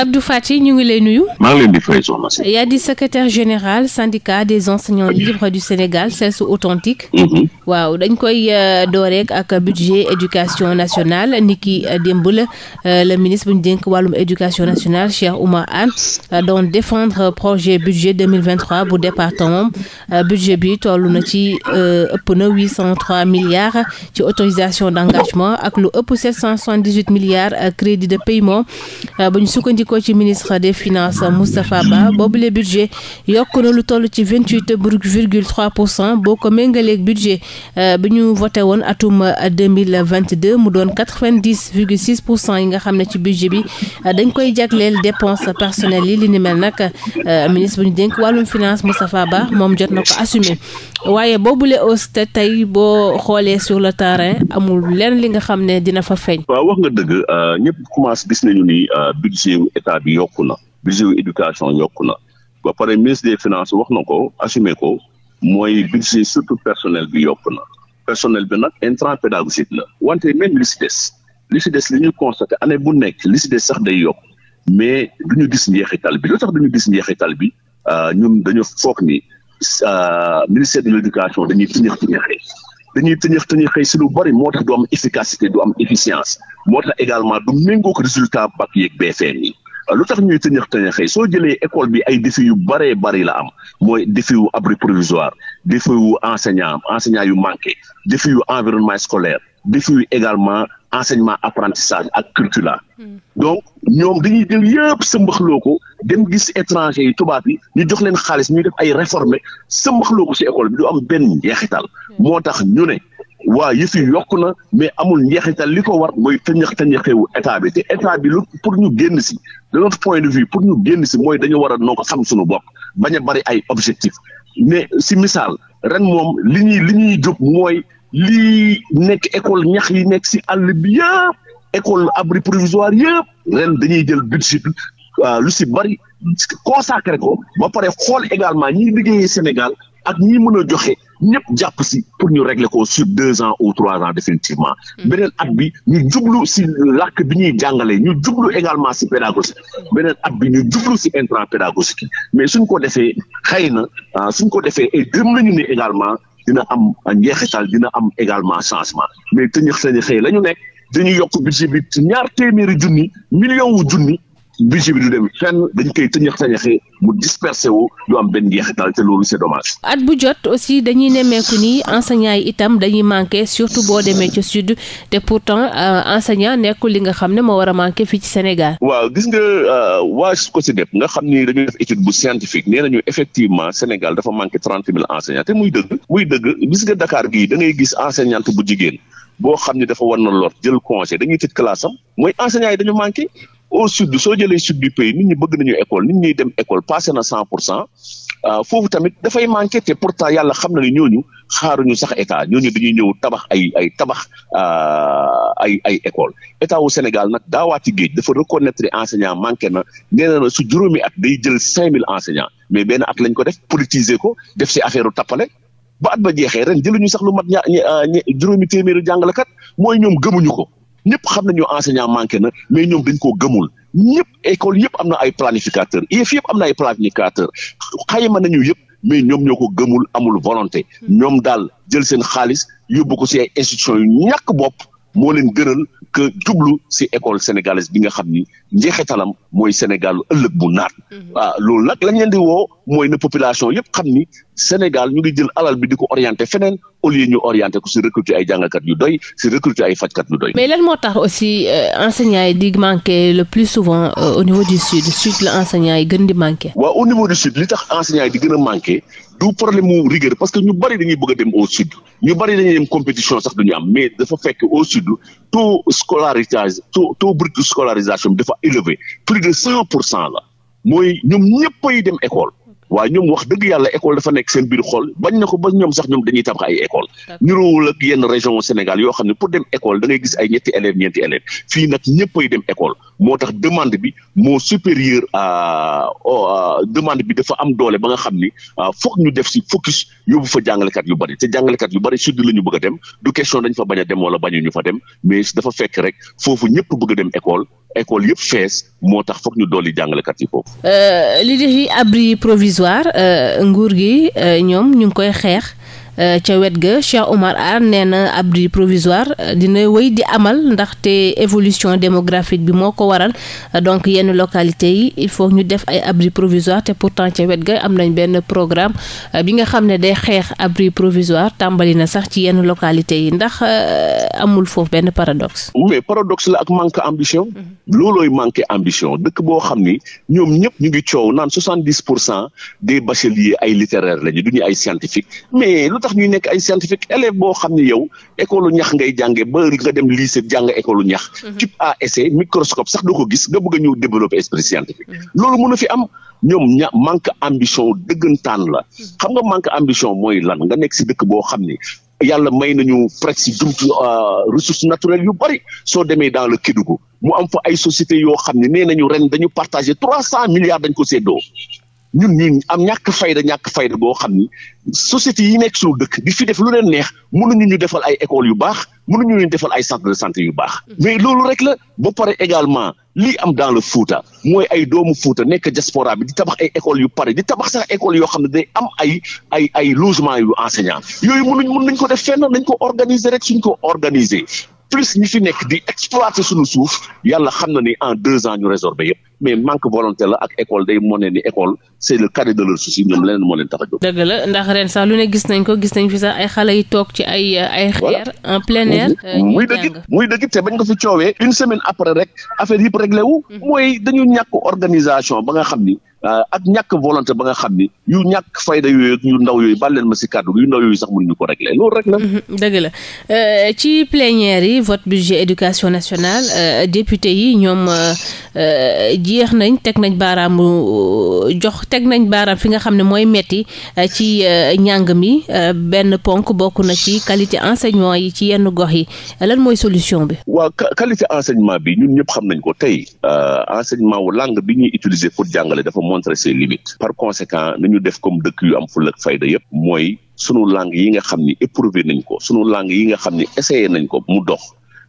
Abdou Faty ñu ngi lay nuyu. maa ngi di fay général syndicat des enseignants libres du Sénégal CESU authentique. Mhm. waaw dañ koy euh, dooreek ak budget éducation nationale niki euh, démb la euh, le ministre bu ñu dénk wàllum éducation nationale Cheikh Oumar Anne doon défendre projet budget 2023 bu département budget bi toll na ci ëpp na 803 milliards ci autorisation d' engagement ak lu ëpp 778 milliards crédit de paiement bu ñu sukkandiku ko ci ministre des finances Moustapha Ba budget yokk na lu toll ci boo ko méngaleeg budget euh, bi ñu voté woon atum euh, mille vingt deux mu doon quatre vingt dix virgule six yi nga xam ne ci budget bi euh, dañ koy jagleel dépense personnelle yi li ni mel nag ministre bu ñu dénk wàllum finance Moustapha Ba moom jot na ko assumer waaye boobule hausse te tey boo xoolee sur le terrain amul lenn li nga xam ne dina fa feeñ. état bi yokku na budget éducation yokku na ba pare ministre des finances wax na ko assumer ko mooy budget surtout personnel bi yokku na personnel bi nag intrant pédagogique la wante même li si des li si des li ñu constaté année bu nekk li si des sax day yokk mais du ñu gis njeexital bi lu tax du ñu gis njeexital bi euh, ñun dañu foog ni euh, ministère de l' éducation dañuy tëñëx tëñëxee tëñëx si lu bari moo tax du am efficacité du am efficience moo tax également du méngóog résultat bac lu tax ñuy tëñëx tëñëxee soo jëlee école bi ay défi yu baree bari la am mooy défi wu abri provisoire défi wu enseignant enseignant yu manqué défi yu environnement scolaire défi yu également enseignement apprentissage ak curricula hmm. donc ñoom dañuy jël yëpp sëmbaxloo ko dem gis étranger yi tubaab yi ñu jox leen xaalis ñuy def ay réformes sëmbaxloo ko école bi du am benn njeexital hmm. moo tax ñu ne waa yëf yi yokk na mais amul njeexital li ko war mooy tëñëx tëñëxewu état bi te état bi lu pour ñu génn si de notre point de vue pour ñu génn si mooy dañu war a noo ko sam suñu bopp bañ a bari ay objectif mais si misaal ren moom li ñuy li ñuy jóg mooy lii nekk école ñax yi nekk si àll bi yëpp école abri provisoire yëpp ren dañuy jël budget lu si bari ko consacré ko ba pare xool également ñi liggéeyee Sénégal ak ñi mën a joxe. ñëpp jàpp si pour ñu régler ko sur deux ans ou trois ans définitivement mm. beneen at bi ñu jublu si làkk bi ñuy jàngale ñu jublu également si pédagogique beneen at bi ñu jublu si intrant pédagogique mais suñ ko defee xëy na ah, suñ ko defee et gëm nañu ne également dina am njeexital dina am également changement mais tëñëx tëñëxee la ñu nekk dañu yokk budget bi ci ñaar téeméeri junni million wu junni budget bi du dem fenn dañ koy tëñax tëñaxee mu dispersé wu am benn jeexital te loolu c'est dommage. at bu jot aussi dañuy nemmeeku ni enseignants yi itam dañuy manqué surtout boo demee ca sud te pourtant euh, enseignant nekkul li nga xam ne moo war a manqué fii ci Sénégal. waaw gis nga euh, waa COSYDEP nga xam ni dañuy def étude bu scientifique nee nañu effectivement Sénégal dafa manqué trente mille enseignants te muy dëgg muy dëgg gis nga Dakar gii da ngay gis enseignante bu jigéen boo xam ni dafa war na lor jël congé dañuy tëj classe am au sud soo jëlee sud du pays nit ñi bëgg nañu école nit ñuy dem école passé na cent pour cent euh, foofu tamit dafay manqué te pourtant yàlla xam na ne ñooñu xaaruñu sax état ñu dañuy ñëw tabax ay ay tabax euh, ay ay école état wu Sénégal nag daawaati géej dafa reconnaître enseignant manqué na nee na su juróomi at day jël cinq mille enseignants mais benn at lañ ko def politiser ko def si affaire u tappale ba at ba jeexee ren jëluñu sax lu mat ña juróomi téeméeri jàngalekat mooy ñoom gëmuñu ko ñëpp xam nañu enseignant manqué na mais ñoom dañ koo gëmul ñëpp école yëpp am na ay planificateur IEF yëpp am na ay planificateur xayma nañu yëpp mais ñoom ñoo ko gëmul amul volonté hmm. ñoom daal jël seen xaalis yóbbu ko ci ay institutions ñàkk bopp moo leen gërël que jublu si école sénégalaise bi nga xam ni njeexitalam mooy Sénégalu ëllëg bu naat. Mhm. waaw loolu nag lañ leen di woo mooy na population yëpp xam ni Sénégal ñu ngi jël alal bi di ko orienté feneen au lieu ñu orienté ko si recruter ay jàngkat yu doy si recruter ay fajkat yu doy. mais lan moo tax aussi euh, enseignants yi di manqué le plus souvent euh, au niveau du sud sud la enseignants yi gën di manqué. waaw au niveau du sud li tax enseignants yi gën a manqué. du problème mu rigueur parce que ñu bari dañuy bëgg a dem au sud ñu bari dañuy dem compétition sax dañu am mais dafa fekk au sud taux scolarisation taux taux brut de scolarisation bi dafa élevé plus de cent pour cent la mooy ñoom ñëppay dem école. waaye ñoom wax dëgg yàlla école dafa nekk seen biir xool bañ na ko ba ñoom sax ñoom dañuy tabax ay école ñuroowul ak yenn région Sénégal yoo xam ne pour dem école moo tax demande bi moo supérieur à demande bi dafa am doole ba nga xam ni foog ñu def si focus yóbbu fa jàngalekat yu bari te jàngalekat yu bari sud la ñu bëgg dem du question dañ fa bañ a dem wala bañu ñu fa dem mais dafa fekk rek foofu ñëpp bëgg dem école école yëpp fees moo tax foog ñu dooli jàngalekat yi foofu. Euh, provisoire euh, nguur gi euh, ñoom ñu ngi koy xeex Euh, ca wet ga Cheikh Oumar Anne nee na abri provisoire euh, dina woy di amal ndax te évolution démographique bi moo ko waral euh, donc yenn localité yi il faut ñu def ay abri provisoire te pourtant ca wet ga am nañ benn programme bi nga xam ne day xeex abri provisoire tàmbali na sax ci yenn localité yi ndax amul foofu benn paradox mais paradoxe la ak manque ambition. Mm-hmm. loolooy manque ambition dëkk boo xam ni ñoom ñëpp ñu ngi coow naan soixante dix pour cent des bacheliers ay littéraires lañu du ay scientifique tax ñuy nekk ay scientifique élève boo xam ne yow école ñax ngay jànge ba nga dem lycée jàng école ñax. Mhm. type A essai microscope sax doo ko gis nga bëgg a ñëw développer esprit scientifique. Mhm. loolu mën na fi am ñoom ña manque ambition dëggantaan la. Mhm. xam nga manque ambition mooy lan nga nekk si dëkk boo xam ne. yalla may na ñu nañu presque jumtu euh, ressources naturelles yu bari soo demee dans le Kédougou mu am fa ay sociétés yoo xam ne nee nañu ren dañu partagé trois cent milliards dañ ko séddoo ñun ñii am ñàkk fayda ñàkk fayda boo xam ni société yi nekk suñu dëkk di fi def lu leen neex mënuñu ñu ñu defal ay école yu baax mënuñu ñu defal ay centre de santé yu baax mm-hmm. mais loolu rek la ba pare également lii am dans le Fouta mooy ay doomu Fouta nekk diaspora bi di tabax ay écoles yu pare di tabax sax écoles yoo xam ne day am ay ay ay logement yu enseignant yooyu mënuñ mën nañ ko def fenn nañ ko organiser rek suñ ko organiser plus ñi fi nekk di exploiter suñu suuf yàlla xam na ni en deux ans ñu résorber yëpp mais manque volonté la ak école day moo ne ni école c' est le de leur souci ñoom leneen moo leen tax a dëgg la ndax ren sax lu ne gis nañ ko gis nañ fi sax ay xale yi toog ci ay ay xeer. en plein air muy euh, dëgg muy dëgg te bañ ko fi coowee une semaine après rek affaire yëpp réglé wu. Mm-hmm. mooy dañu ñàkk organisation ba nga xam ni. Euh, ak ñàkk volonté ba nga xam ni yu ñàkk fayda yooyu yu ndaw yooyu bàl leen ma si kàddu yu ndaw yooyu sax mënuñu ko régler loolu rek la. Mhm, dëgg la euh, ci plénière yi vote budget éducation nationale euh, député yi ñoom jeex nañ teg nañ baaraamu jox teg nañ baaraam fi nga xam ne mooy metti ci njàng mi benn ponk bokk na ci qualité enseignement yi ci yenn gox yi lan mooy solution bi. waaw qualité enseignement bi ñun ñëpp xam nañ ko tey enseignement wu langue bi ñuy utiliser pour jàngale montrer ses limites par conséquent nañu def comme dëkk yu am fulla ak fayda yëpp mooy sunu langue yi nga xam ni éprouvé nañ ko sunu langue yi nga xam ni essayé nañ ko mu dox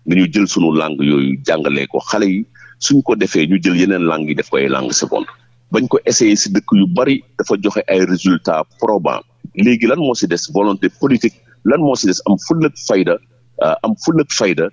nañu jël sunu langue yooyu jàngalee ko xale yi suñ ko defee ñu jël yeneen langue yi def ko ay langue seconde bañ ko essayé si dëkk yu bari dafa joxe ay résultat probants léegi lan moo si des volonté politique lan moo si des am fulla fayda euh, am fulla ak fayda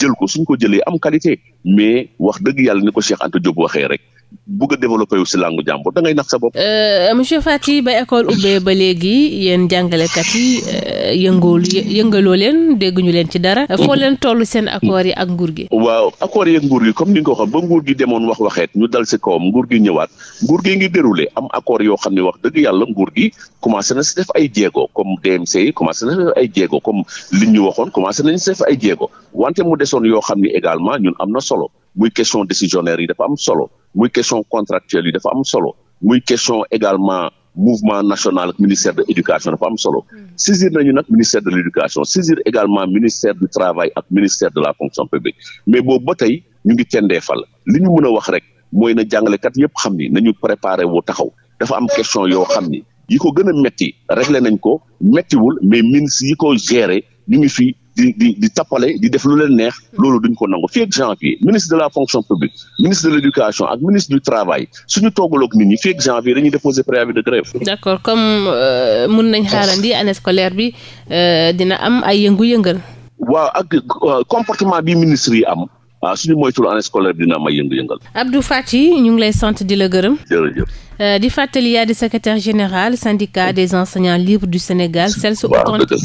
jël ko suñ ko jëlee am qualité mais wax dëgg yàlla ni ko Cheikh Anta Diop waxee rek bugg a développé si langu jàmbur da ngay nax sa bopp. Euh, monsieur Faty ba école ubbee ba léegi yéen jàngalekat yi euh, yëngool yëngaloo leen dégguñu leen ci dara. foo leen toll seen accords yi ak nguur gi. waaw accords yi ak nguur gi comme ni nga ko waxee ba nguur gi demoon wax waxeet ñu dal si kawam nguur gi ñëwaat nguur gi ngi déroulé am accords yoo xam ne wax dëgg yàlla nguur gi commencé na si def ay jéego comme DMC yi commencé na si def ay jéego comme li ñu waxoon commencé nañ si def ay jéego wante mu desoon yoo xam ne également ñun am na solo. muy question décisionnaire yi dafa am solo muy question contractuelle yi dafa am solo muy question également mouvement national ak ministère de l'éducation dafa am solo hmm. saisir nañu nag ministère de l'éducation saisir également ministère du travail ak ministère de la fonction publique mais boobu ba tey ñu ngi tendee fal li ñu mën a wax rek mooy na jàngalekat yëpp xam ni nañu préparé wu taxaw dafa am question yoo xam ni yi ko gën a metti réglé nañ ko méttiwul mais ministre yi ko géré ñu ngi di di di tappale di def lu leen neex loolu duñ ko nangu fii ak janvier ministre de la fonction publique ministre de l'éducation ak ministre du travail suñu toogaloog nit ñi fii ak janvier dañuy déposer préavis de grève. d'accord comme euh, mun nañ xaarandi année scolaire bi euh, dina am ay yëngu-yëngal. waaw ak euh, comportement bi ministre yi am. waaw ah, suñu moytul année scolaire bi dina am ay yëngu-yëngal. Abdou Faty ñu ngi lay sant di la gërëm. di fàttali yaa di secrétaire général syndicat des enseignants libres du Sénégal. waaw